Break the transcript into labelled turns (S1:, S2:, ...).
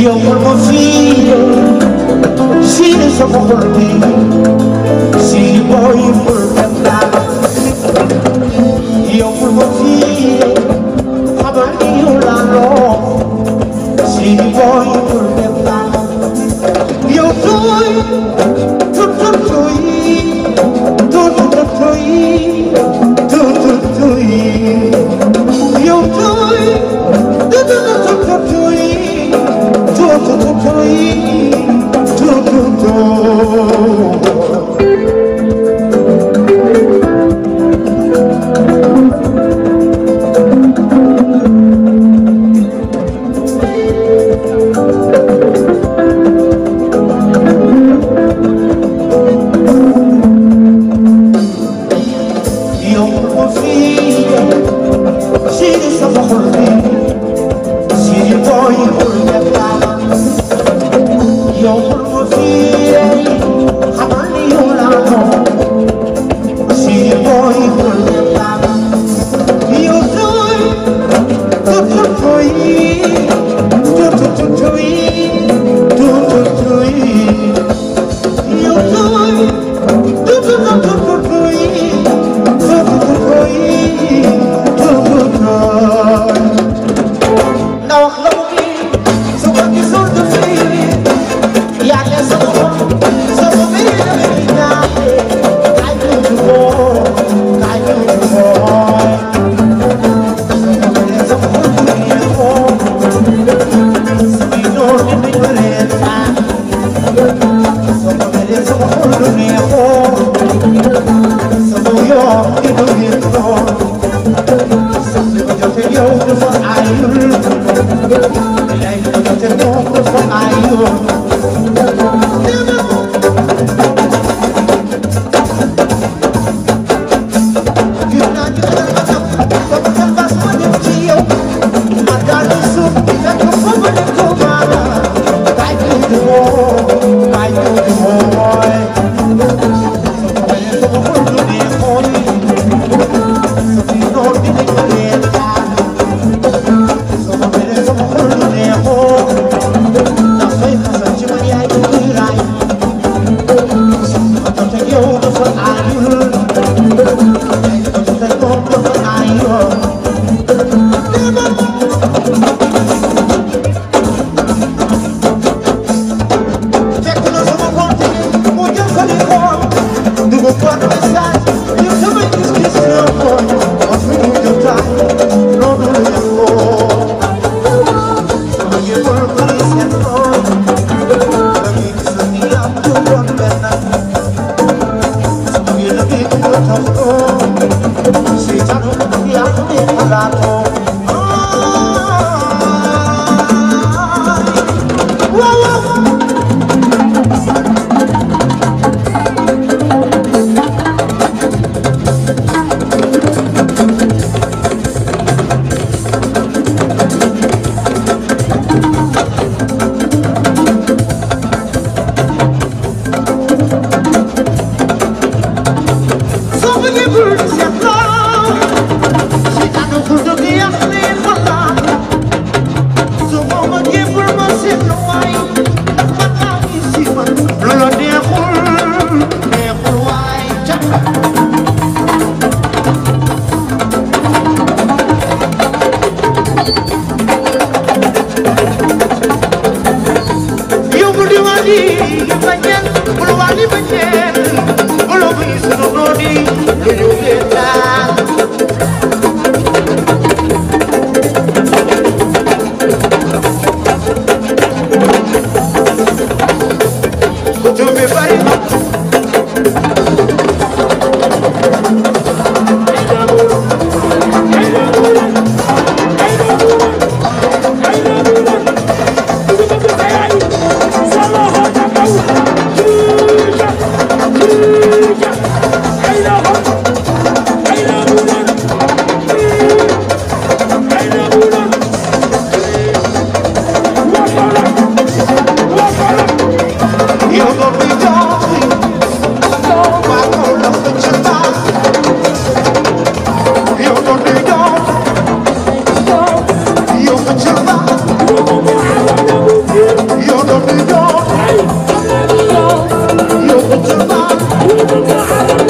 S1: Io col mio figlio, sì, sono col figlio, sì, poi col cantare. Io col mio figlio, avrò io la loro, sì, poi col You. Everybody Oh.